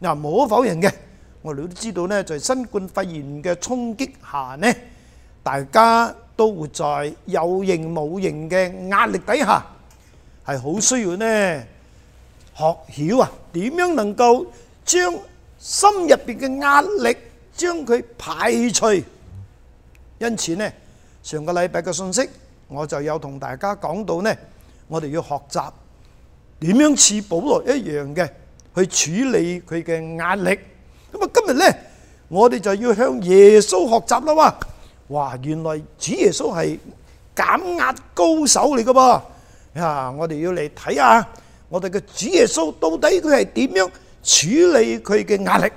嗱，無可否認嘅，我哋都知道呢，在新冠肺炎嘅衝擊下呢，大家都活在有形冇形嘅壓力底下，係好需要呢，學曉啊點樣能夠將心入邊嘅壓力將佢排除。因此呢，上個禮拜嘅信息我就有同大家講到呢，我哋要學習點樣似保羅一樣嘅。去處理佢嘅壓力。咁啊，今日呢，我哋就要向耶穌學習啦！哇，原來主耶穌係減壓高手嚟噶噃呀！我哋要嚟睇下我哋嘅主耶穌到底佢係點樣處理佢嘅壓力。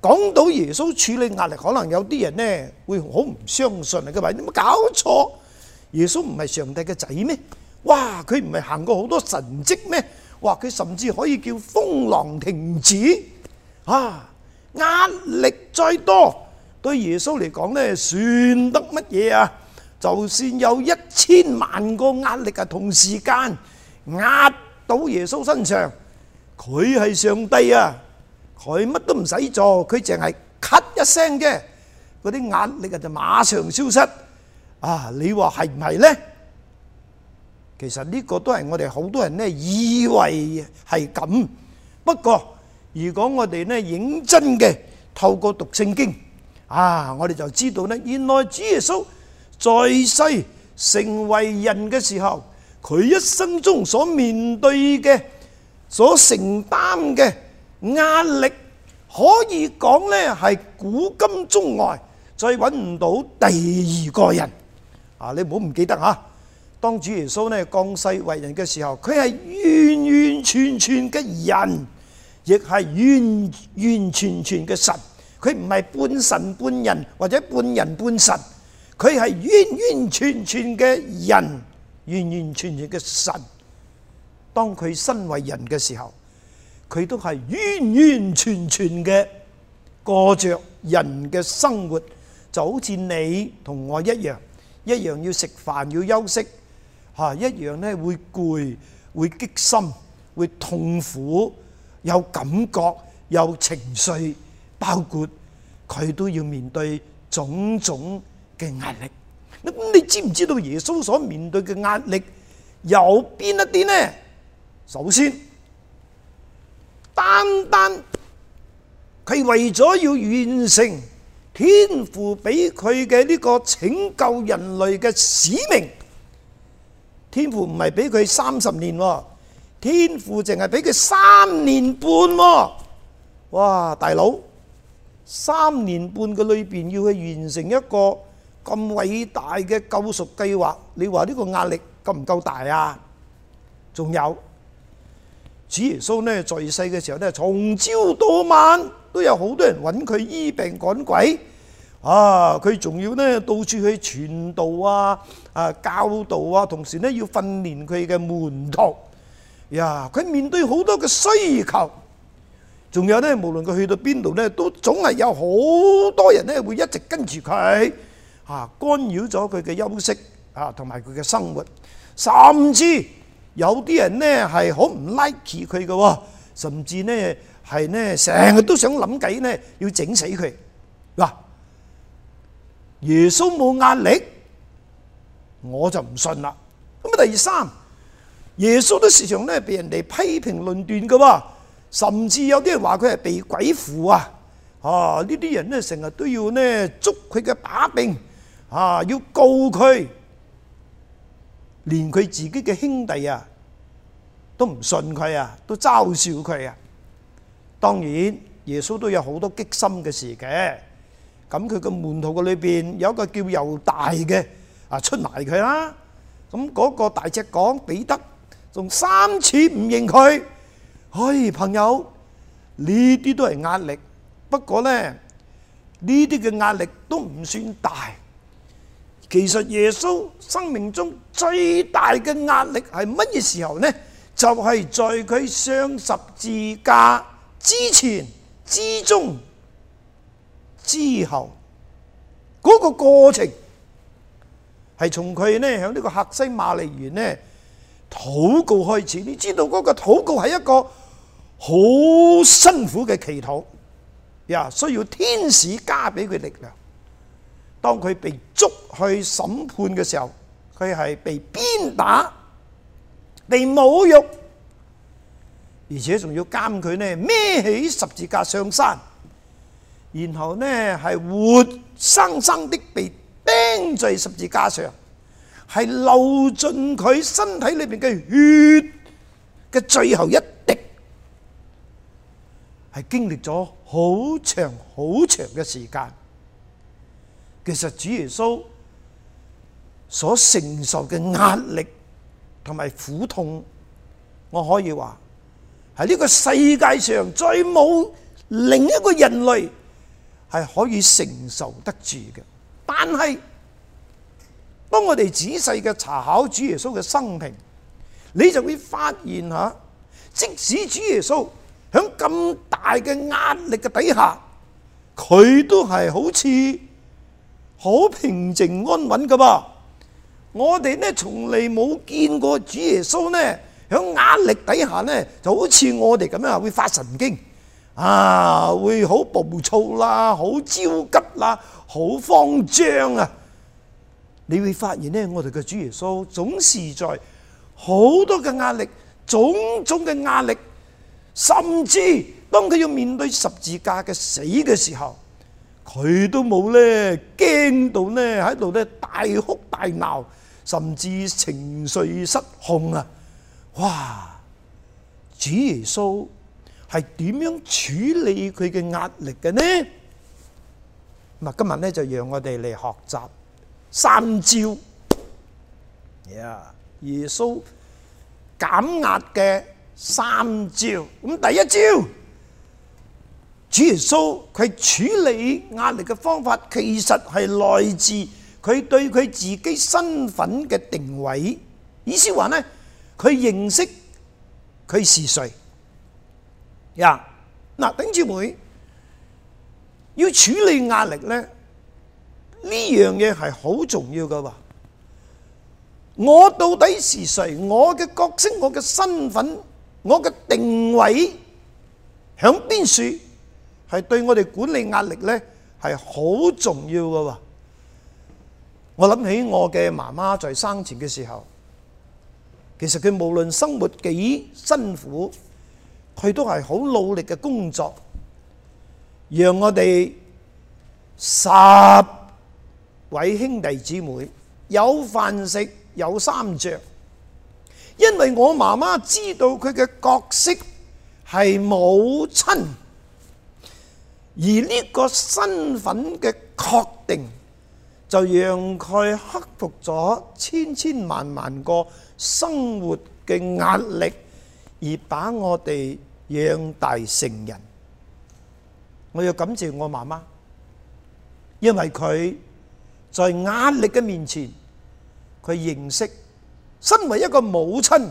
講到耶穌處理壓力，可能有啲人呢會好唔相信嚟嘅，喂，有冇搞錯？耶穌唔係上帝嘅仔咩？哇，佢唔係行過好多神跡咩？哇！佢甚至可以叫風浪停止啊！壓力再多對耶穌嚟講呢，算得乜嘢啊？就算有一千萬個壓力啊，同時間壓到耶穌身上，佢係上帝啊！佢乜都唔使做，佢淨係咳一聲嘅，嗰啲壓力啊就馬上消失啊！你話係唔係呢？其實呢個都係我哋好多人呢以為係咁，不過如果我哋呢認真嘅透過讀聖經啊，我哋就知道呢原來主耶穌在世成為人嘅時候，佢一生中所面對嘅、所承擔嘅壓力，可以講呢係古今中外再揾唔到第二個人啊！你唔好唔記得吓。當主耶穌呢降世為人嘅時候，佢係完完全全嘅人，亦係完完全全嘅神。佢唔係半神半人或者半人半神，佢係完完全全嘅人，完完全全嘅神。當佢身為人嘅時候，佢都係完完全全嘅過著人嘅生活，就好似你同我一樣，一樣要食飯，要休息。嚇一樣呢，會攰、會激心、會痛苦、有感覺、有情緒，包括佢都要面對種種嘅壓力。咁你知唔知道耶穌所面對嘅壓力有邊一啲呢？首先，單單佢為咗要完成天父俾佢嘅呢個拯救人類嘅使命。天父唔係俾佢三十年喎，天父淨係俾佢三年半喎。哇，大佬，三年半嘅裏邊要去完成一個咁偉大嘅救贖計劃，你話呢個壓力夠唔夠大啊？仲有主耶穌咧，在世嘅時候咧，從朝到晚都有好多人揾佢醫病趕鬼。啊！佢仲要呢，到處去傳道啊，啊教導啊，同時呢要訓練佢嘅門徒。呀！佢面對好多嘅需求，仲有呢，無論佢去到邊度呢，都總係有好多人呢會一直跟住佢啊，干擾咗佢嘅休息啊，同埋佢嘅生活，甚至有啲人呢係好唔 like 佢嘅喎，甚至呢係呢，成日都想諗計呢，要整死佢嗱。啊耶穌冇壓力，我就唔信啦。咁啊，第三，耶穌都時常咧俾人哋批評論斷噶，甚至有啲人話佢係被鬼附啊！啊，呢啲人呢，成日都要咧捉佢嘅把柄，啊，要告佢，連佢自己嘅兄弟啊，都唔信佢啊，都嘲笑佢啊。當然，耶穌都有好多激心嘅事嘅。咁佢個門徒個裏邊有一個叫猶大嘅啊，出賣佢啦。咁嗰個大隻講彼得仲三次唔認佢。唉，朋友，呢啲都係壓力。不過呢，呢啲嘅壓力都唔算大。其實耶穌生命中最大嘅壓力係乜嘢時候呢？就係在佢上十字架之前、之中。之後嗰個過程係從佢呢喺呢個客西馬尼園呢禱告開始，你知道嗰個禱告係一個好辛苦嘅祈禱，呀，需要天使加俾佢力量。當佢被捉去審判嘅時候，佢係被鞭打、被侮辱，而且仲要監佢呢孭起十字架上山。然後呢，係活生生的被釘在十字架上，係流盡佢身體裏邊嘅血嘅最後一滴，係經歷咗好長好長嘅時間。其實主耶穌所承受嘅壓力同埋苦痛，我可以話係呢個世界上再冇另一個人類，係可以承受得住嘅，但係當我哋仔細嘅查考主耶穌嘅生平，你就會發現吓，即使主耶穌響咁大嘅壓力嘅底下，佢都係好似好平靜安穩嘅噃。我哋呢，從嚟冇見過主耶穌呢，響壓力底下呢，就好似我哋咁樣會發神經。啊！會好暴躁啦，好焦急啦，好慌張啊！你會發現呢，我哋嘅主耶穌總是在好多嘅壓力、種種嘅壓力，甚至當佢要面對十字架嘅死嘅時候，佢都冇咧驚到呢喺度咧大哭大鬧，甚至情緒失控啊！哇！主耶穌。係點樣處理佢嘅壓力嘅呢？咁今日咧就讓我哋嚟學習三招，耶穌減壓嘅三招。咁第一招，主耶穌佢處理壓力嘅方法，其實係來自佢對佢自己身份嘅定位，意思話咧，佢認識佢是誰。呀，嗱，頂住會要處理壓力咧，呢樣嘢係好重要嘅喎。我到底係誰？我嘅角色、我嘅身份、我嘅定位，喺邊處係對我哋管理壓力咧係好重要嘅喎。我諗起我嘅媽媽在生前嘅時候，其實佢無論生活幾辛苦，佢都係好努力嘅工作，讓我哋十位兄弟姊妹有飯食有衫著，因為我媽媽知道佢嘅角色係母親，而呢個身份嘅確定，就讓佢克服咗千千萬萬個生活嘅壓力。而把我哋養大成人，我要感謝我媽媽，因為佢在壓力嘅面前，佢認識身為一個母親，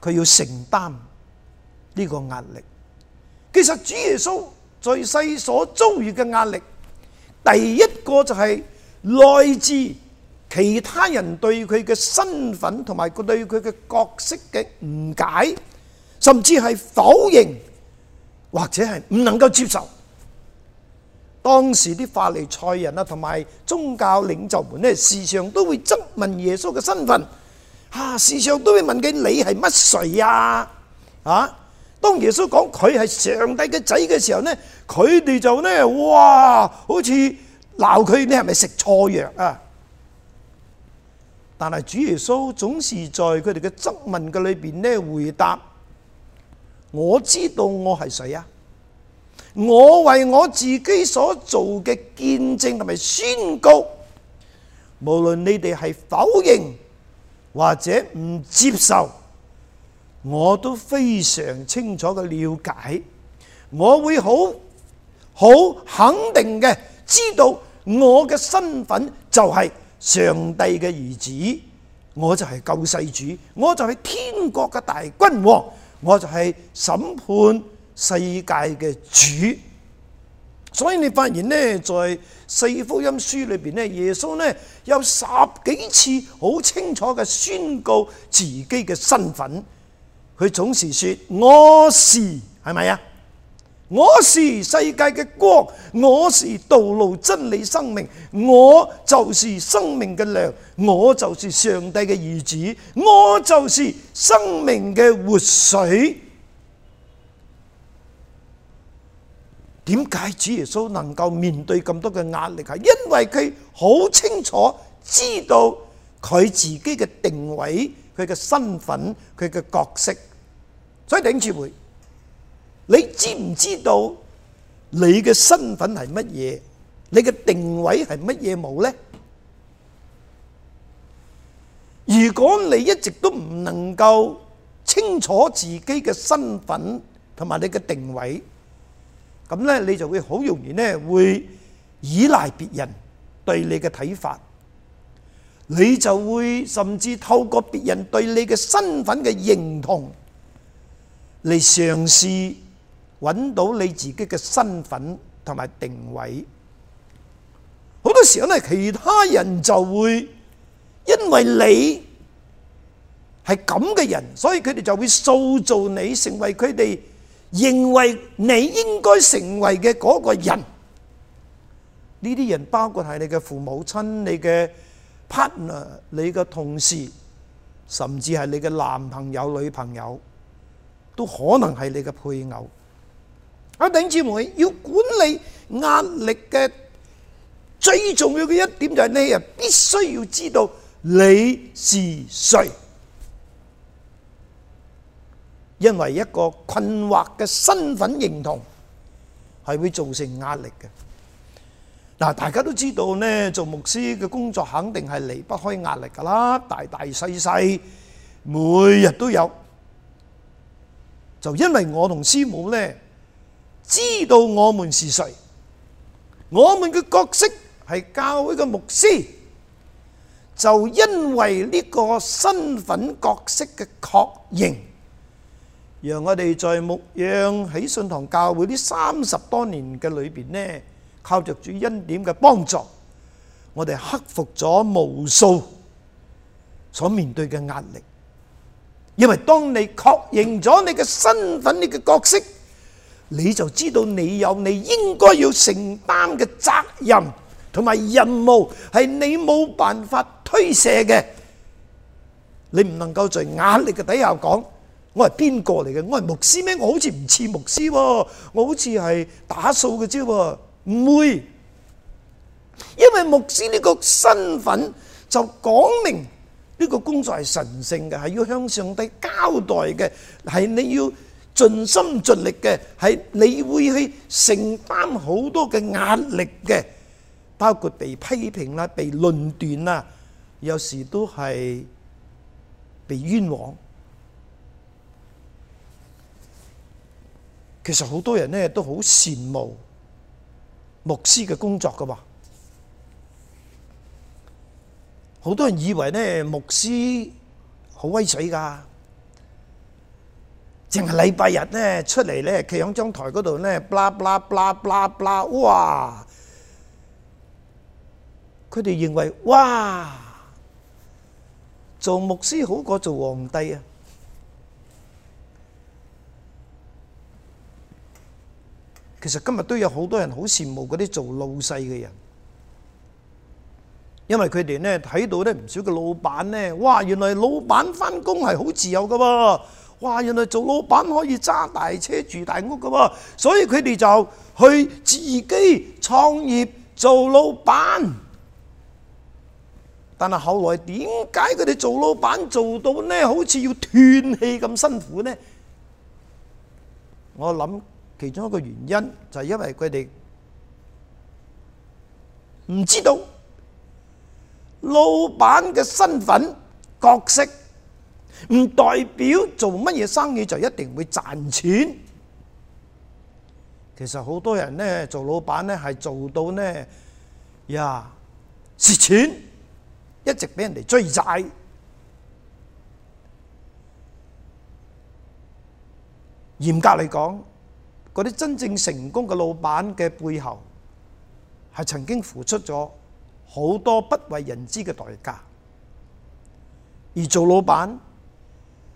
佢要承擔呢個壓力。其實主耶穌在世所遭遇嘅壓力，第一個就係來自。其他人對佢嘅身份同埋佢對佢嘅角色嘅誤解，甚至係否認或者係唔能夠接受。當時啲法利賽人啊，同埋宗教領袖們呢，時常都會質問耶穌嘅身份，啊時常都會問佢：你係乜誰呀？啊！當耶穌講佢係上帝嘅仔嘅時候呢，佢哋就呢，哇，好似鬧佢你係咪食錯藥啊？但係主耶穌總是在佢哋嘅質問嘅裏邊咧回答，我知道我係誰呀，我為我自己所做嘅見證同埋宣告，無論你哋係否認或者唔接受，我都非常清楚嘅了解，我會好好肯定嘅知道我嘅身份就係、是，上帝嘅兒子，我就係救世主，我就係天國嘅大君王，我就係審判世界嘅主。所以你發現呢，在四福音書裏邊呢，耶穌呢有十幾次好清楚嘅宣告自己嘅身份，佢總是說：我是，係咪呀？我是世界嘅光，我是道路真理生命，我就是生命嘅糧，我就是上帝嘅兒子，我就是生命嘅活水。點解主耶穌能夠面對咁多嘅壓力？係因為佢好清楚知道佢自己嘅定位、佢嘅身份、佢嘅角色。所以頂住回。你知唔知道你嘅身份係乜嘢？你嘅定位係乜嘢冇呢？如果你一直都唔能夠清楚自己嘅身份同埋你嘅定位，咁呢你就會好容易呢會依賴別人對你嘅睇法，你就會甚至透過別人對你嘅身份嘅認同嚟嘗試。搵到你自己嘅身份同埋定位，好多時候咧，其他人就會因為你係咁嘅人，所以佢哋就會塑造你成為佢哋認為你應該成為嘅嗰個人。呢啲人包括係你嘅父母親、你嘅 partner、你嘅同事，甚至係你嘅男朋友、女朋友，都可能係你嘅配偶。我頂住門要管理壓力嘅最重要嘅一點，就係你啊，必須要知道你是誰，因為一個困惑嘅身份認同係會造成壓力嘅。嗱，大家都知道咧，做牧師嘅工作肯定係離不開壓力㗎啦，大大細細每日都有。就因為我同師母咧。知道我們是誰，我們嘅角色係教會嘅牧師，就因為呢個身份角色嘅確認，讓我哋在牧養喜信堂教會呢三十多年嘅裏邊呢，靠着主恩典嘅幫助，我哋克服咗無數所面對嘅壓力，因為當你確認咗你嘅身份，你嘅角色。你就知道你有你應該要承擔嘅責任同埋任務，係你冇辦法推卸嘅。你唔能夠在壓力嘅底下講，我係邊個嚟嘅？我係牧師咩？我好似唔似牧師喎，我好似係打掃嘅啫喎。唔會，因為牧師呢個身份就講明呢個工作係神聖嘅，係要向上帝交代嘅，係你要，盡心盡力嘅，係你會去承擔好多嘅壓力嘅，包括被批評啦，被論斷啦，有時都係被冤枉。其實好多人呢都好羨慕牧師嘅工作噶噃，好多人以為呢牧師好威水噶淨係禮拜日咧，出嚟咧，企喺張台嗰度咧，bla bla bla bla bla，哇！佢哋認為哇，做牧師好過做皇帝啊！其實今日都有好多人好羨慕嗰啲做老細嘅人，因為佢哋咧睇到咧唔少嘅老闆咧，哇！原來老闆翻工係好自由噶喎。話原來做老闆可以揸大車住大屋噶，所以佢哋就去自己創業做老闆。但係後來點解佢哋做老闆做到呢？好似要斷氣咁辛苦呢？我諗其中一個原因就係因為佢哋唔知道老闆嘅身份角色。唔代表做乜嘢生意就一定會賺錢。其實好多人呢做老闆呢係做到呢，呀、yeah, 蝕錢，一直俾人哋追債。嚴格嚟講，嗰啲真正成功嘅老闆嘅背後，係曾經付出咗好多不為人知嘅代價，而做老闆，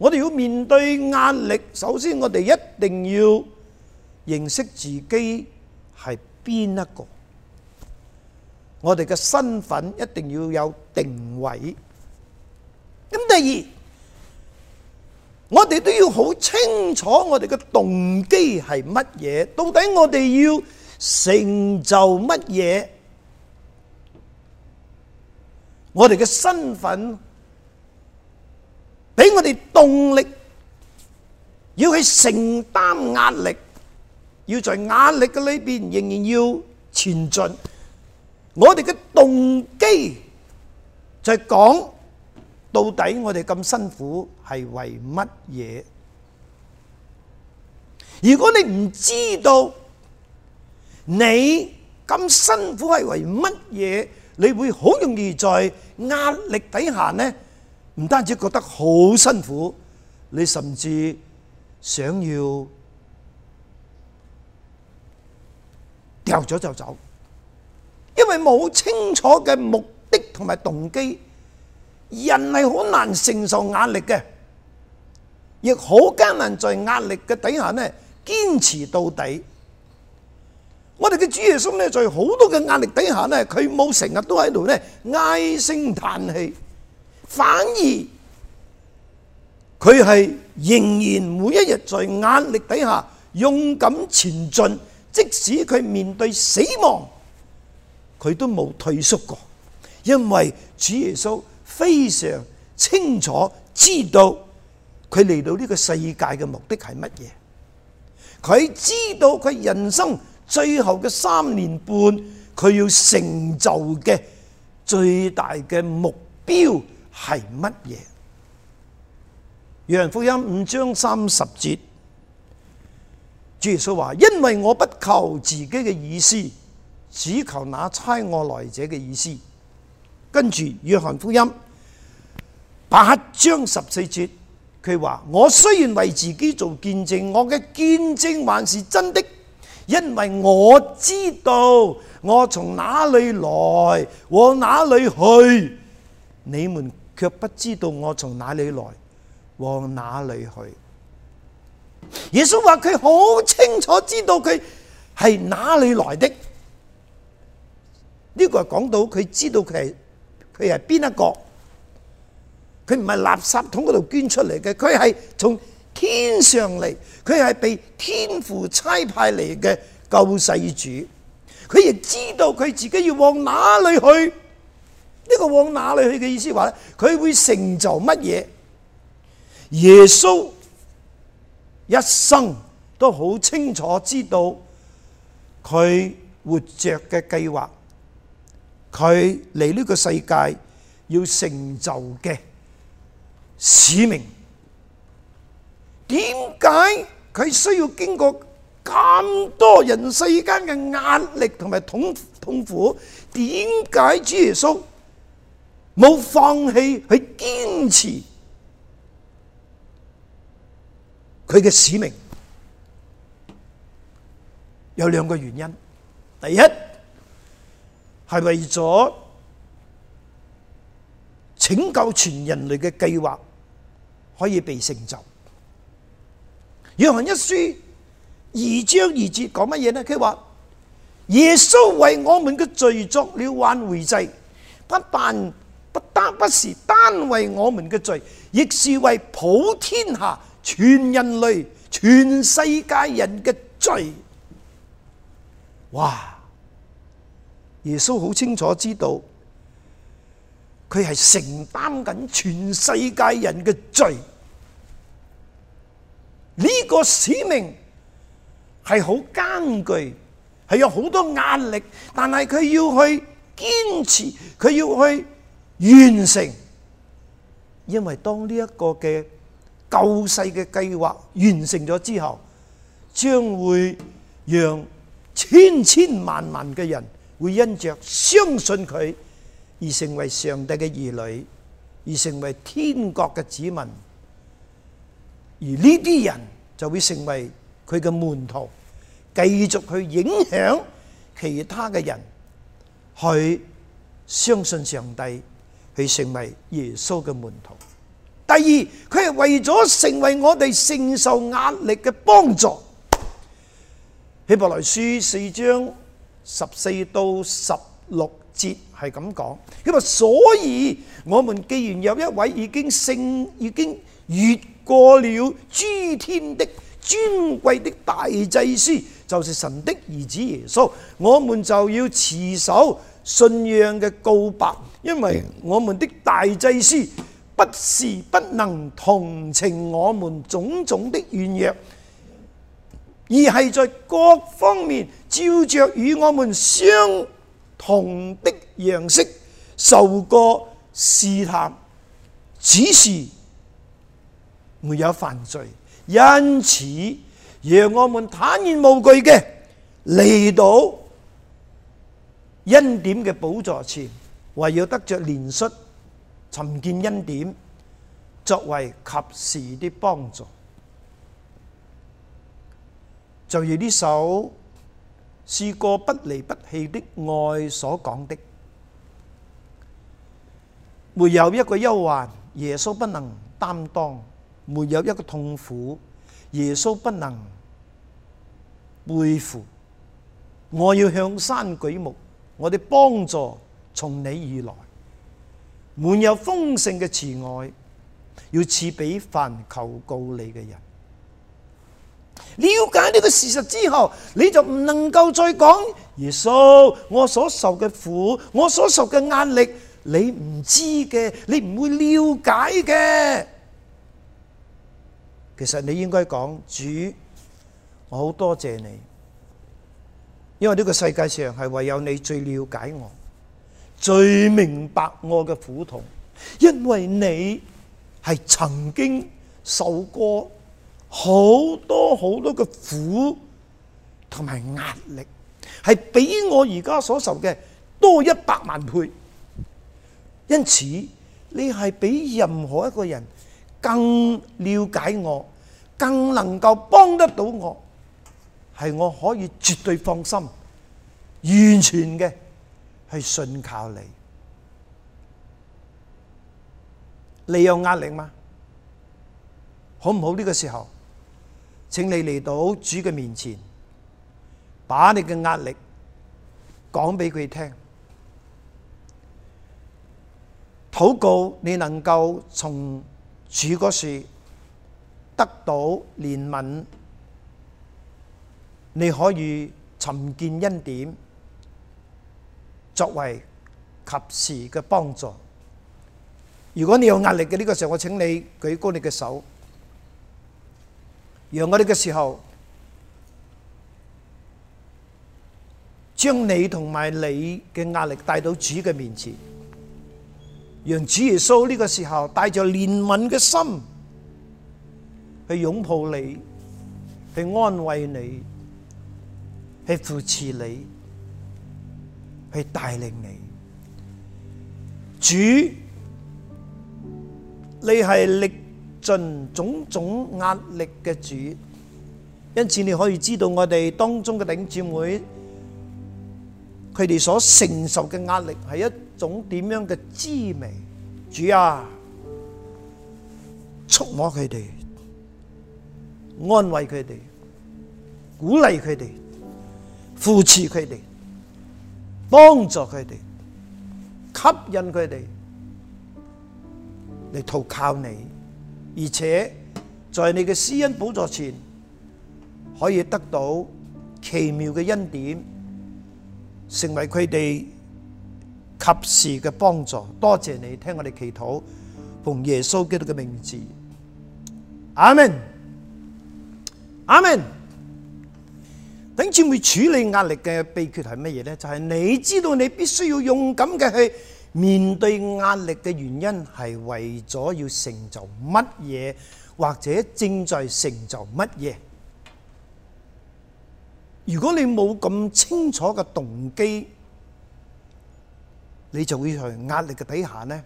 我哋要面對壓力，首先我哋一定要認識自己係邊一個。我哋嘅身份一定要有定位。咁第二，我哋都要好清楚我哋嘅動機係乜嘢？到底我哋要成就乜嘢？我哋嘅身份。畀我哋動力要去承擔壓力，要在壓力嘅裏邊仍然要前進。我哋嘅動機就係講到底，我哋咁辛苦係為乜嘢？如果你唔知道你咁辛苦係為乜嘢，你會好容易在壓力底下呢？唔單止覺得好辛苦，你甚至想要掉咗就走，因為冇清楚嘅目的同埋動機，人係好難承受壓力嘅，亦好艱難在壓力嘅底下呢堅持到底。我哋嘅主耶穌呢，在好多嘅壓力底下呢，佢冇成日都喺度呢唉聲嘆氣。反而佢係仍然每一日在壓力底下勇敢前進，即使佢面對死亡，佢都冇退縮過。因為主耶穌非常清楚知道佢嚟到呢個世界嘅目的係乜嘢，佢知道佢人生最後嘅三年半，佢要成就嘅最大嘅目標。係乜嘢？約翰福音五章三十節，主耶穌話：因為我不求自己嘅意思，只求那差我來者嘅意思。跟住約翰福音八章十四節，佢話：我雖然為自己做見證，我嘅見證還是真的，因為我知道我從哪裏來，往哪裏去。你們。卻不知道我從哪裏來，往哪裏去。耶穌話佢好清楚知道佢係哪裏來的，呢個講到佢知道佢係佢係邊一個，佢唔係垃圾桶嗰度捐出嚟嘅，佢係從天上嚟，佢係被天父差派嚟嘅救世主，佢亦知道佢自己要往哪裏去。呢個往哪裏去嘅意思話咧？佢會成就乜嘢？耶穌一生都好清楚知道佢活着嘅計劃，佢嚟呢個世界要成就嘅使命。點解佢需要經過咁多人世間嘅壓力同埋痛痛苦？點解主耶穌？冇放棄去堅持佢嘅使命，有兩個原因。第一係為咗拯救全人類嘅計劃可以被成就。《約翰一書》二章二節講乜嘢呢？佢話耶穌為我們嘅罪作了挽回祭，不但不但不是單為我們嘅罪，亦是為普天下全人類全世界人嘅罪。哇！耶穌好清楚知道，佢係承擔緊全世界人嘅罪。呢、這個使命係好艱巨，係有好多壓力，但係佢要去堅持，佢要去完成，因為當呢一個嘅救世嘅計劃完成咗之後，將會讓千千萬萬嘅人會因着相信佢而成為上帝嘅兒女，而成為天國嘅子民。而呢啲人就會成為佢嘅門徒，繼續去影響其他嘅人，去相信上帝。佢成為耶穌嘅門徒。第二，佢係為咗成為我哋承受壓力嘅幫助。希伯來書四章十四到十六節係咁講。因為所以，我們既然有一位已經升、已經越過了諸天的尊貴的大祭司，就是神的兒子耶穌，我們就要持守，信仰嘅告白，因為我們的大祭司不是不能同情我們種種的軟弱，而係在各方面照着與我們相同的樣式受過試探，只是沒有犯罪，因此讓我們坦然無懼嘅嚟到，恩典嘅寶座前，唯有得着憐恤、尋見恩典，作為及時的幫助。就如呢首詩歌不離不棄的愛所講的，沒有一個憂患，耶穌不能擔當；沒有一個痛苦，耶穌不能背負。我要向山舉目。我哋幫助從你而來，滿有豐盛嘅慈愛，要賜俾凡求告你嘅人。了解呢個事實之後，你就唔能夠再講：耶穌，我所受嘅苦，我所受嘅壓力，你唔知嘅，你唔會了解嘅。其實你應該講：主，我好多謝你。因為呢個世界上係唯有你最了解我，最明白我嘅苦痛，因為你係曾經受過好多好多嘅苦同埋壓力，係比我而家所受嘅多一百萬倍。因此，你係比任何一個人更了解我，更能夠幫得到我。係我可以絕對放心，完全嘅去信靠你。你有壓力嗎？好唔好？呢個時候，請你嚟到主嘅面前，把你嘅壓力講俾佢聽，禱告你能夠從主嗰處得到憐憫。你可以尋見恩典，作為及時嘅幫助。如果你有壓力嘅呢個時候，我請你舉高你嘅手，讓我哋嘅時候將你同埋你嘅壓力帶到主嘅面前，讓主耶穌呢個時候帶着憐憫嘅心去擁抱你，去安慰你。去扶持你，去帶領你，主，你係歷盡種種壓力嘅主，因此你可以知道我哋當中嘅領戰會，佢哋所承受嘅壓力係一種點樣嘅滋味。主啊，觸摸佢哋，安慰佢哋，鼓勵佢哋。扶持佢哋，幫助佢哋，吸引佢哋嚟投靠你，而且在你嘅施恩寶座前，可以得到奇妙嘅恩典，成為佢哋及時嘅幫助。多謝你聽我哋祈禱，奉耶穌基督嘅名字，阿門。阿門。頂尖會處理壓力嘅秘訣係乜嘢咧？就係你知道你必須要用咁嘅去面對壓力嘅原因係為咗要成就乜嘢，或者正在成就乜嘢。如果你冇咁清楚嘅動機，你就會喺壓力嘅底下咧，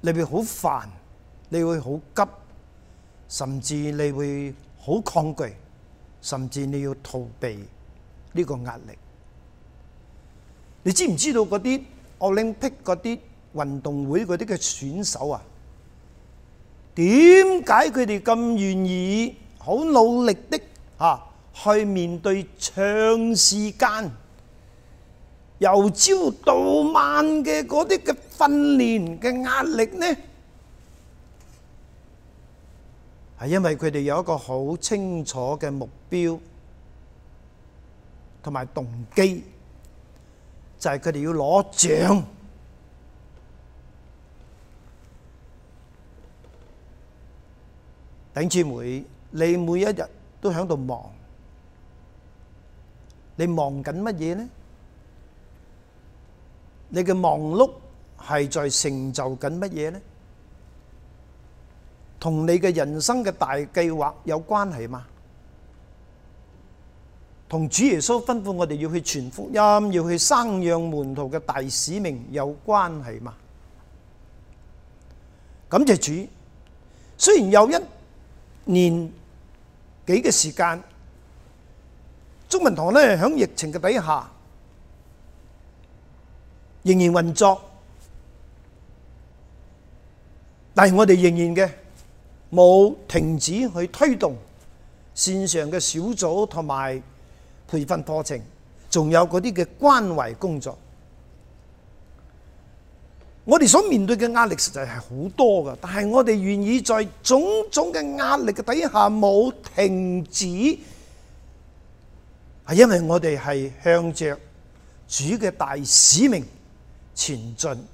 你會好煩，你會好急，甚至你會好抗拒。甚至你要逃避呢個壓力，你知唔知道嗰啲奧林匹克嗰啲運動會嗰啲嘅選手啊，點解佢哋咁願意好努力的嚇去面對長時間由朝到晚嘅嗰啲嘅訓練嘅壓力呢？係因為佢哋有一個好清楚嘅目標，同埋動機，就係佢哋要攞獎。頂住未，你每一日都喺度忙，你忙緊乜嘢呢？你嘅忙碌係在成就緊乜嘢呢？同你嘅人生嘅大計劃有關係嗎？同主耶穌吩咐我哋要去傳福音、要去生養門徒嘅大使命有關係嗎？感謝主，雖然有一年幾嘅時間，中文堂咧響疫情嘅底下仍然運作，但係我哋仍然嘅。冇停止去推動線上嘅小組同埋培訓課程，仲有嗰啲嘅關懷工作。我哋所面對嘅壓力實在係好多噶，但係我哋願意在種種嘅壓力嘅底下冇停止，係因為我哋係向着主嘅大使命前進。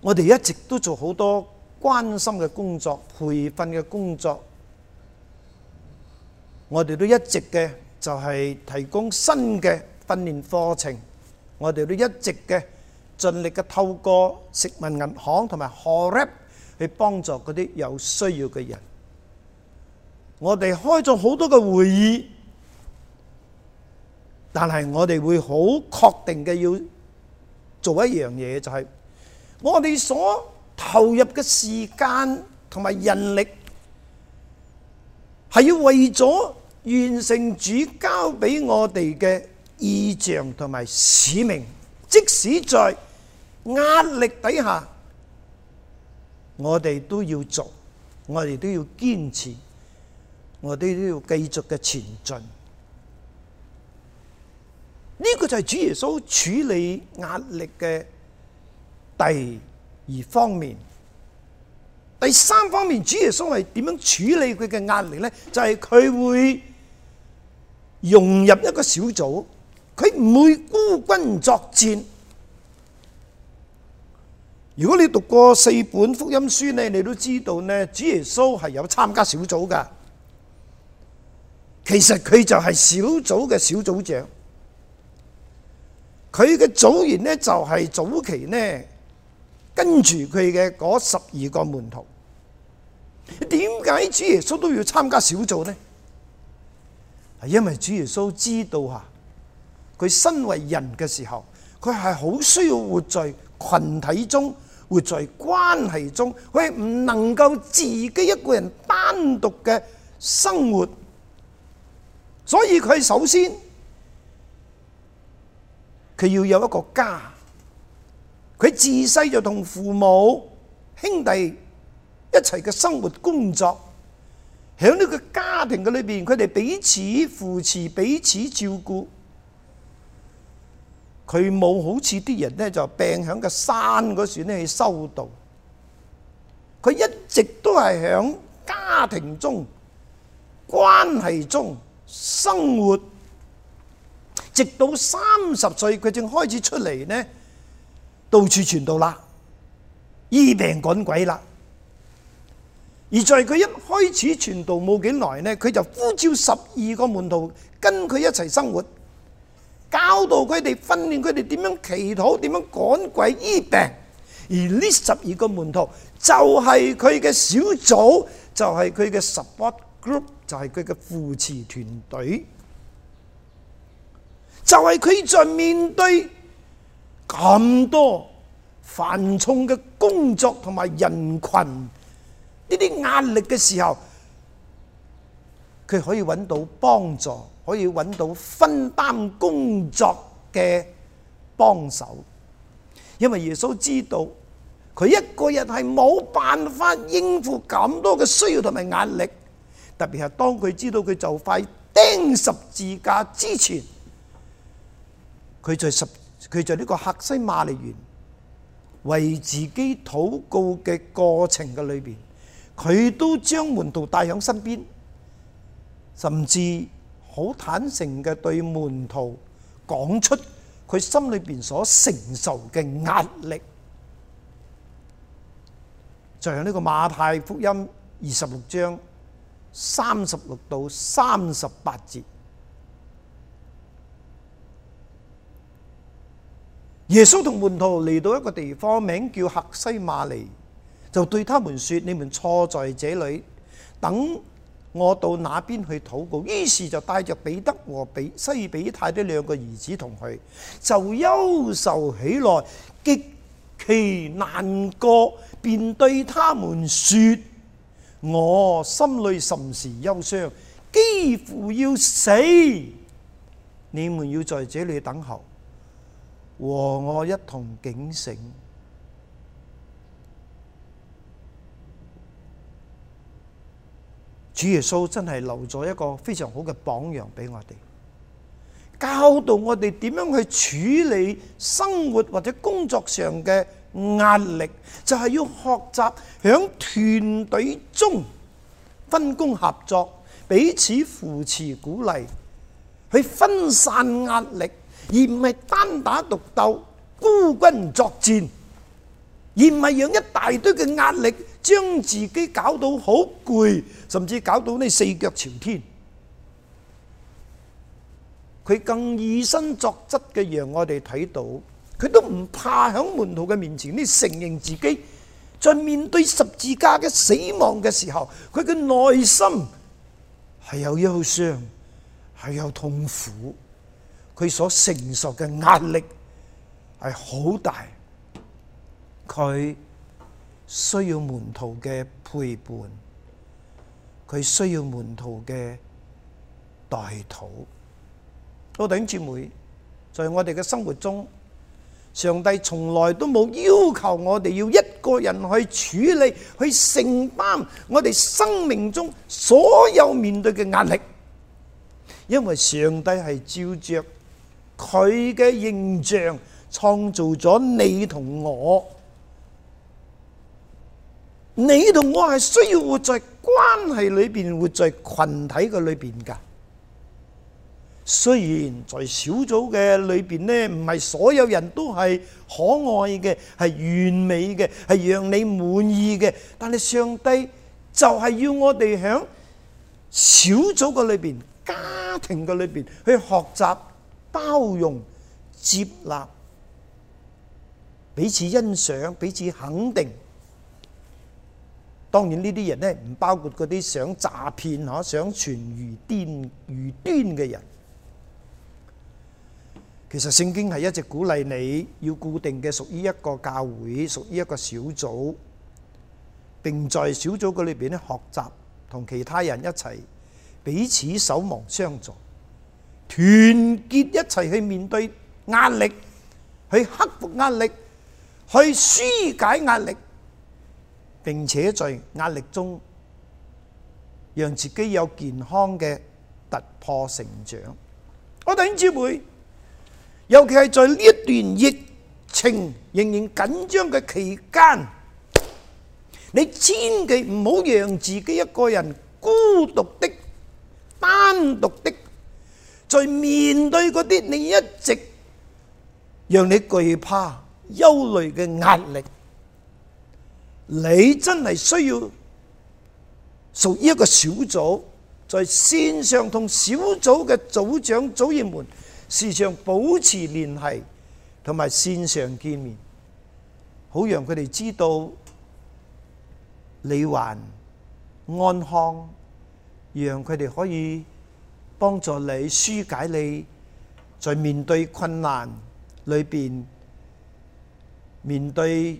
我哋一直都做好多。關心嘅工作、培訓嘅工作，我哋都一直嘅就係提供新嘅訓練課程。我哋都一直嘅盡力嘅透過食物銀行同埋 Help 去幫助嗰啲有需要嘅人。我哋開咗好多嘅會議，但係我哋會好確定嘅要做一樣嘢，就係我哋所投入嘅時間同埋人力，係要為咗完成主交俾我哋嘅異象同埋使命，即使在壓力底下，我哋都要做，我哋都要堅持，我哋都要繼續嘅前進。呢個就係主耶穌處理壓力嘅第。而方面，第三方面，主耶穌係點樣處理佢嘅壓力呢？就係、是、佢會融入一個小組，佢唔會孤軍作戰。如果你讀過四本福音書呢，你都知道呢，主耶穌係有參加小組㗎。其實佢就係小組嘅小組長，佢嘅組員呢就係早期呢。跟住佢嘅嗰十二個門徒，點解主耶穌都要參加小組呢？係因為主耶穌知道啊，佢身為人嘅時候，佢係好需要活在群體中，活在關係中，佢係唔能夠自己一個人單獨嘅生活，所以佢首先佢要有一個家。佢自細就同父母兄弟一齊嘅生活工作，喺呢個家庭嘅裏邊，佢哋彼此扶持、彼此照顧。佢冇好似啲人呢，就病喺個山嗰時呢去修道。佢一直都係喺家庭中、關係中生活，直到三十歲，佢正開始出嚟呢。到處傳道啦，醫病趕鬼啦。而在佢一開始傳道冇幾耐呢，佢就呼召十二個門徒跟佢一齊生活，教導佢哋，訓練佢哋點樣祈禱、點樣趕鬼、醫病。而呢十二個門徒就係佢嘅小組，就係佢嘅 support group，就係佢嘅扶持團隊，就係佢在面對。咁多繁重嘅工作同埋人群呢啲壓力嘅時候，佢可以揾到幫助，可以揾到分擔工作嘅幫手。因為耶穌知道佢一個人係冇辦法應付咁多嘅需要同埋壓力，特別係當佢知道佢就快釘十字架之前，佢在十。佢在呢個客西馬尼園為自己禱告嘅過程嘅裏邊，佢都將門徒帶響身邊，甚至好坦誠嘅對門徒講出佢心裏邊所承受嘅壓力，就係呢個馬太福音二十六章三十六到三十八節。耶穌同門徒嚟到一個地方，名叫客西馬尼，就對他們說：你們坐在這裏，等我到那邊去禱告。於是就帶着彼得和西庇太的兩個兒子同去，就憂愁起來，極其難過，便對他們說：我心裏甚是憂傷，幾乎要死，你們要在這裏等候。和我一同警醒，主耶穌真係留咗一個非常好嘅榜樣俾我哋，教導我哋點樣去處理生活或者工作上嘅壓力，就係要學習響團隊中分工合作，彼此扶持鼓勵，去分散壓力。而唔係單打獨鬥，孤軍作戰，而唔係讓一大堆嘅壓力將自己搞到好攰，甚至搞到呢四腳朝天。佢更以身作則嘅，讓我哋睇到佢都唔怕喺門徒嘅面前呢承認自己，在面對十字架嘅死亡嘅時候，佢嘅內心係有憂傷，係有痛苦。佢所承受嘅壓力係好大，佢需要門徒嘅陪伴，佢需要門徒嘅代禱。弟兄姊妹，在我哋嘅生活中，上帝從來都冇要求我哋要一個人去處理、去承擔我哋生命中所有面對嘅壓力，因為上帝係照著。佢嘅形象創造咗你同我，你同我係需要活在關係裏邊，活在群體嘅裏邊噶。雖然在小組嘅裏邊呢，唔係所有人都係可愛嘅，係完美嘅，係讓你滿意嘅，但係上帝就係要我哋喺小組嘅裏邊、家庭嘅裏邊去學習。包容、接納、彼此欣賞、彼此肯定。當然呢啲人呢，唔包括嗰啲想詐騙、嚇想傳異端異端嘅人。其實聖經係一直鼓勵你要固定嘅屬於一個教會、屬於一個小組，並在小組嘅裏邊咧學習同其他人一齊彼此守望相助，團結一齊去面對壓力，去克服壓力，去紓解壓力，並且在壓力中，讓自己有健康嘅突破成長。我哋兄姊妹，尤其係在呢一段疫情仍然緊張嘅期間，你千祈唔好讓自己一個人孤獨的、單獨的。去面對嗰啲你一直讓你懼怕、憂慮嘅壓力，你真係需要屬於一個小組，在線上同小組嘅組長、組員們時常保持聯繫，同埋線上見面，好讓佢哋知道你還安康，讓佢哋可以。幫助你紓解你，在面對困難裏邊面對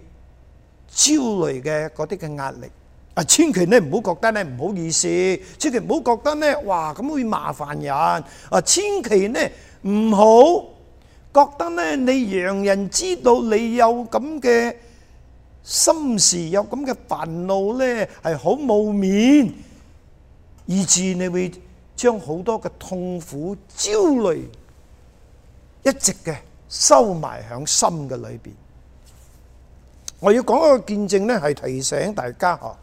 焦慮嘅嗰啲嘅壓力。啊，千祈呢唔好覺得呢唔好意思，千祈唔好覺得呢，哇咁會麻煩人。啊，千祈呢唔好覺得呢，你讓人知道你有咁嘅心事，有咁嘅煩惱呢，係好冇面，以致你會。將好多嘅痛苦、焦慮，一直嘅收埋喺心嘅裏邊。我要講一個見證呢，係提醒大家嗬。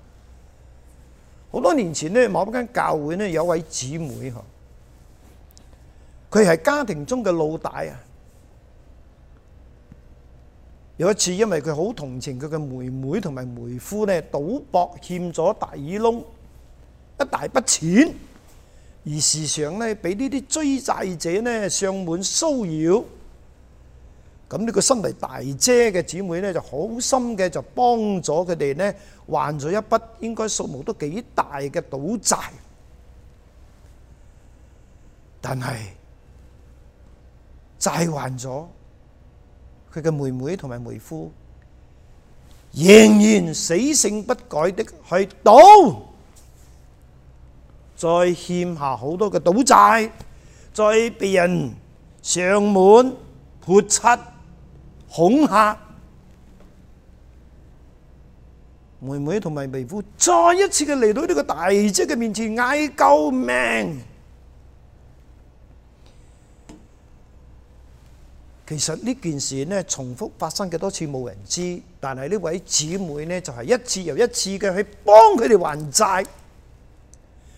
好多年前呢，某間教會呢有位姊妹嗬，佢係家庭中嘅老大啊。有一次，因為佢好同情佢嘅妹妹同埋妹夫呢，賭博欠咗大耳窿一大筆錢。而時常咧，俾呢啲追債者咧上門騷擾，咁呢個身為大姐嘅姊妹咧，就好心嘅就幫咗佢哋咧，還咗一筆應該數目都幾大嘅賭債，但係債還咗，佢嘅妹妹同埋妹夫仍然死性不改的去賭。再欠下好多嘅賭債，再被人上門潑漆、恐嚇，妹妹同埋妹夫再一次嘅嚟到呢個大姐嘅面前嗌救命。其實呢件事呢重複發生幾多次冇人知，但係呢位姊妹呢就係一次又一次嘅去幫佢哋還債。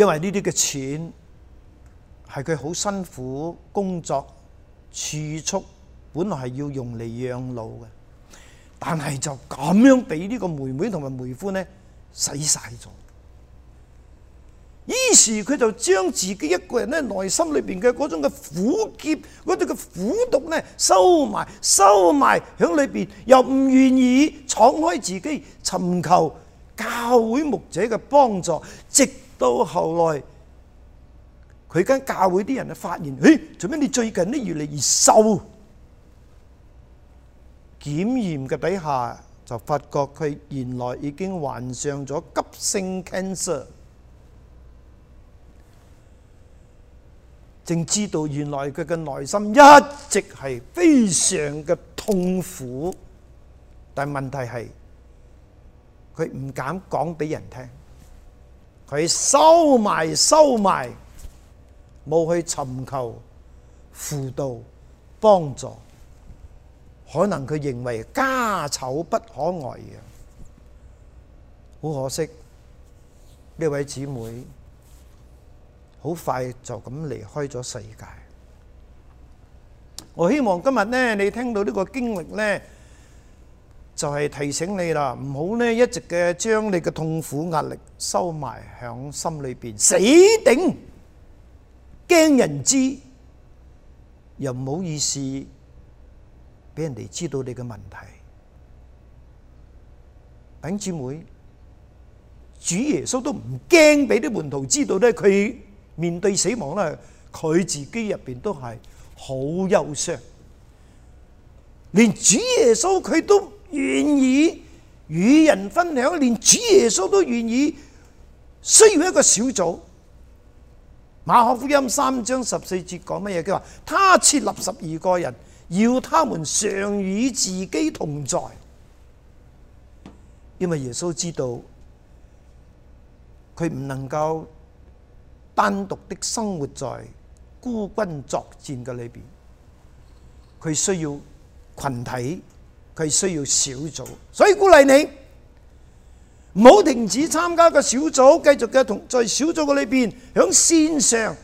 因為呢啲嘅錢係佢好辛苦工作儲蓄，本來係要用嚟養老嘅，但係就咁樣俾呢個妹妹同埋妹夫呢使晒咗。於是佢就將自己一個人呢內心裏邊嘅嗰種嘅苦澀、嗰啲嘅苦毒呢收埋收埋響裏邊，又唔願意敞開自己尋求教會牧者嘅幫助，直。到後來，佢間教會啲人就發現，誒，做咩你最近都越嚟越瘦？檢驗嘅底下就發覺佢原來已經患上咗急性 cancer，正知道原來佢嘅內心一直係非常嘅痛苦，但係問題係佢唔敢講俾人聽。佢收埋收埋，冇去尋求輔導幫助，可能佢認為家醜不可外揚，好可惜呢位姊妹好快就咁離開咗世界。我希望今日呢，你聽到呢個經歷呢。就係提醒你啦，唔好咧一直嘅將你嘅痛苦壓力收埋響心裏邊，死頂，驚人知又唔好意思俾人哋知道你嘅問題。弟兄姊妹，主耶穌都唔驚俾啲門徒知道咧，佢面對死亡咧，佢自己入面都係好憂傷，連主耶穌佢都。願意與人分享，連主耶穌都願意。需要一個小組。馬可福音三章十四節講乜嘢？佢話他設立十二個人，要他們常與自己同在。因為耶穌知道，佢唔能夠單獨的生活在孤軍作戰嘅裏邊，佢需要群體。係需要小組，所以鼓勵你唔好停止參加個小組，繼續嘅同在小組嘅裏邊響線上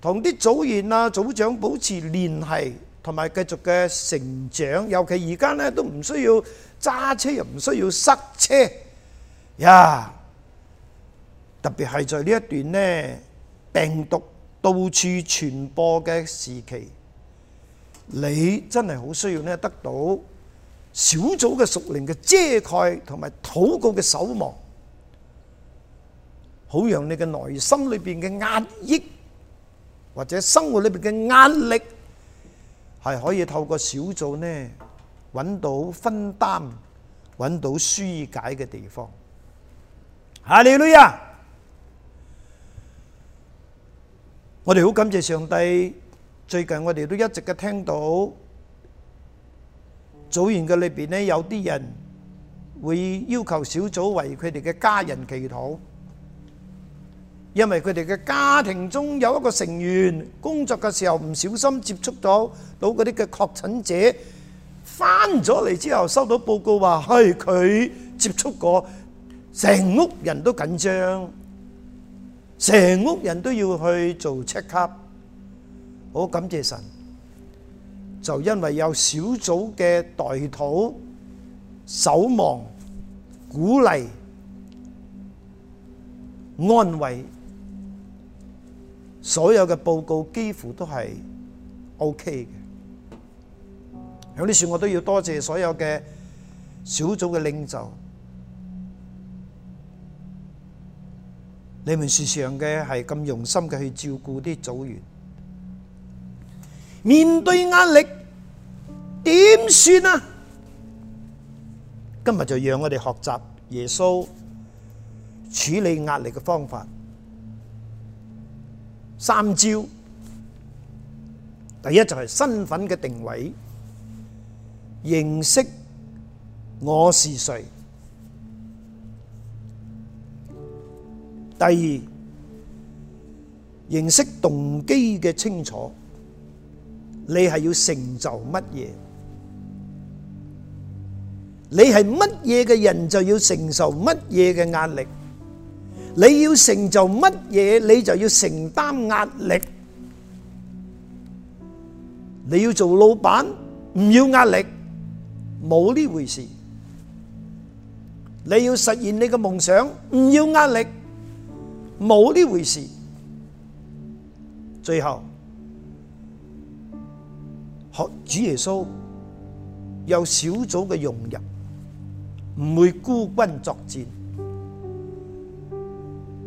同啲組員啊、組長保持聯繫，同埋繼續嘅成長。尤其而家呢，都唔需要揸車，又唔需要塞車呀。Yeah, 特別係在呢一段呢病毒到處傳播嘅時期，你真係好需要呢得到。小組嘅屬靈嘅遮蓋同埋禱告嘅守望，好讓你嘅內心裏邊嘅壓抑或者生活裏邊嘅壓力，係可以透過小組呢搵到分擔、搵到紓解嘅地方。哈利路亞，我哋好感謝上帝。最近我哋都一直都聽到。組員嘅裏邊呢，有啲人會要求小組為佢哋嘅家人祈禱，因為佢哋嘅家庭中有一個成員工作嘅時候唔小心接觸到到嗰啲嘅確診者，翻咗嚟之後收到報告話係佢接觸過，成屋人都緊張，成屋人都要去做 check up，好感謝神。就因為有小組嘅代禱守望、鼓勵、安慰，所有嘅報告幾乎都係 OK 嘅。有啲說話我都要多謝所有嘅小組嘅領袖，你們時常嘅係咁用心嘅去照顧啲組員。面對壓力點算啊？今日就讓我哋學習耶穌處理壓力嘅方法，三招。第一就係身份嘅定位，認識我是誰。第二，認識動機嘅清楚。你係要成就乜嘢？你係乜嘢嘅人就要承受乜嘢嘅壓力？你要成就乜嘢，你就要承擔壓力。你要做老闆，唔要壓力，冇呢回事。你要實現你嘅夢想，唔要壓力，冇呢回事。最後。學主耶穌，有小組嘅融入，唔會孤軍作戰。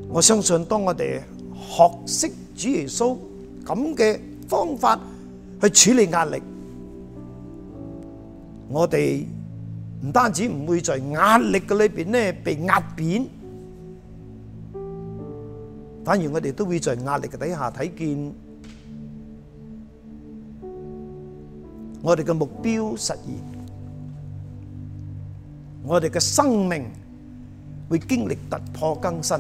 我相信，當我哋學識主耶穌咁嘅方法去處理壓力，我哋唔單止唔會在壓力嘅裏邊咧被壓扁，反而我哋都會在壓力嘅底下睇見。我哋嘅目標實現，我哋嘅生命會經歷突破更新。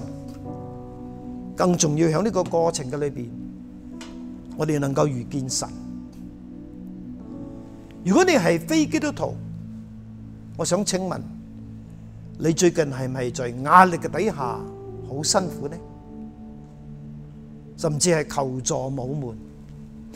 更重要響呢個過程嘅裏邊，我哋能夠遇見神。如果你係非基督徒，我想請問你最近係咪在壓力嘅底下好辛苦呢？甚至係求助冇門。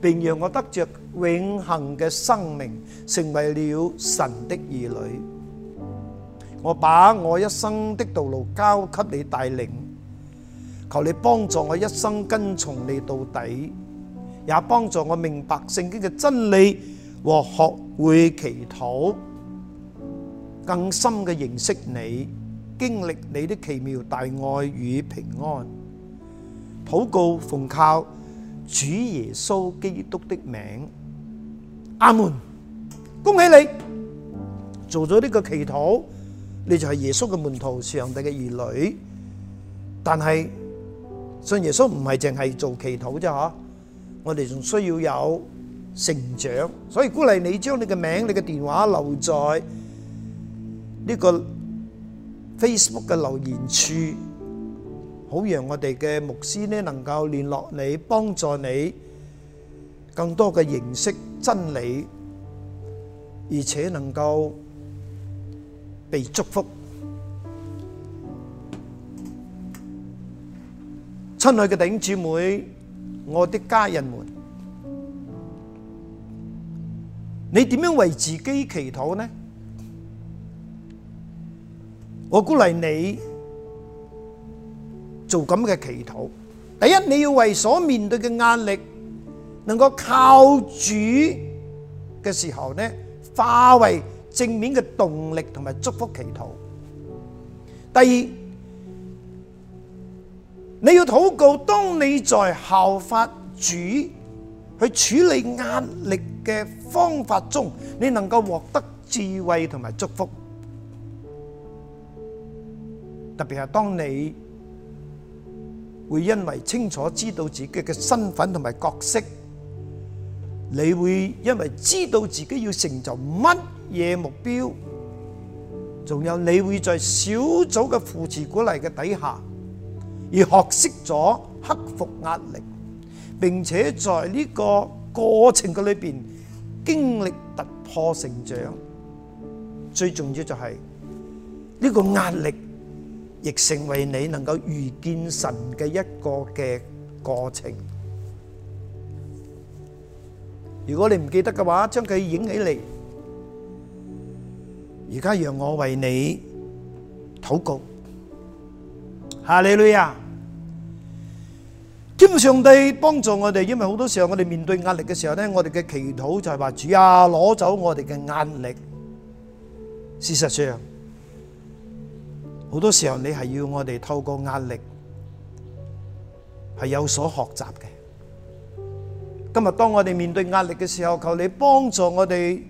並讓我得着永恒嘅生命，成為了神的兒女。我把我一生的道路交給你帶領，求你幫助我一生跟從你到底，也幫助我明白聖經嘅真理和學會祈禱，更深嘅認識你，經歷你的奇妙大愛與平安。禱告奉靠。主耶穌基督的名，阿門！恭喜你做咗呢個祈禱，你就係耶穌嘅門徒，上帝嘅兒女。但係信耶穌唔係淨係做祈禱啫，吓！我哋仲需要有成長，所以鼓勵你將你嘅名、你嘅電話留在呢個 Facebook 嘅留言處。好讓我哋嘅牧師呢，能夠聯絡你，幫助你更多嘅認識真理，而且能夠被祝福。親愛嘅弟兄姊妹，我的家人們，你點樣為自己祈禱呢？我鼓勵你。做咁嘅祈禱，第一你要為所面對嘅壓力能夠靠主嘅時候呢，化為正面嘅動力同埋祝福祈禱。第二，你要禱告，當你在效法主去處理壓力嘅方法中，你能夠獲得智慧同埋祝福，特別係當你。會因為清楚知道自己嘅身份同埋角色，你會因為知道自己要成就乜嘢目標，仲有你會在小組嘅扶持鼓勵嘅底下，而學識咗克服壓力，並且在呢個過程裏面經歷突破成長。最重要就係呢個壓力。亦成為你能夠遇見神嘅一個嘅過程。如果你唔記得嘅話，將佢影起嚟。而家讓我為你禱告，哈利路亞！天上帝幫助我哋，因為好多時候我哋面對壓力嘅時候呢，我哋嘅祈禱就係話主啊，攞走我哋嘅壓力。事實上。好多時候你係要我哋透過壓力係有所學習嘅。今日當我哋面對壓力嘅時候，求你幫助我哋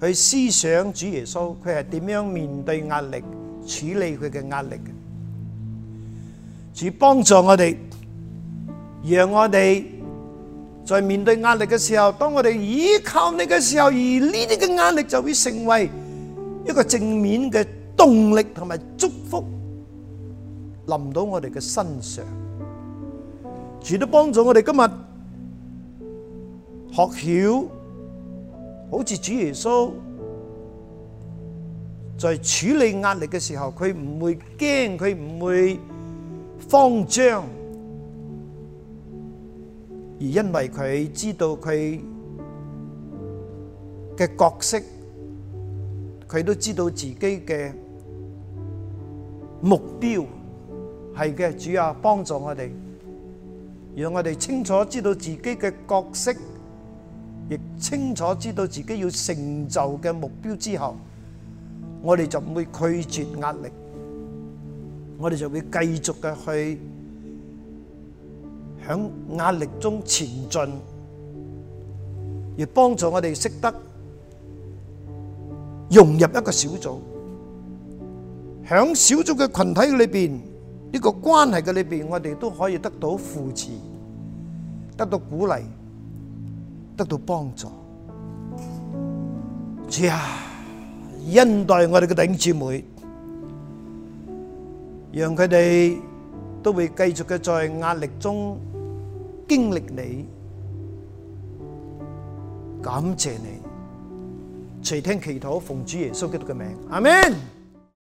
去思想主耶穌，佢係點樣面對壓力、處理佢嘅壓力嘅。主幫助我哋，讓我哋在面對壓力嘅時候，當我哋依靠你嘅時候，而呢啲嘅壓力就會成為一個正面嘅。動力同埋祝福臨到我哋嘅身上，亦都幫助我哋今日學曉，好似主耶穌在處理壓力嘅時候，佢唔會驚，佢唔會慌張，而因為佢知道佢嘅角色，佢都知道自己嘅。目標係嘅，主要幫助我哋，讓我哋清楚知道自己嘅角色，亦清楚知道自己要成就嘅目標之後，我哋就唔會拒絕壓力，我哋就會繼續嘅去響壓力中前進，亦幫助我哋識得融入一個小組。喺小組嘅群體裏邊，呢個關係嘅裏邊，我哋都可以得到扶持，得到鼓勵，得到幫助。主啊，恩待我哋嘅弟兄姊妹，讓佢哋都會繼續嘅在壓力中經歷你，感謝你，垂聽祈禱，奉主耶穌基督嘅名，阿門。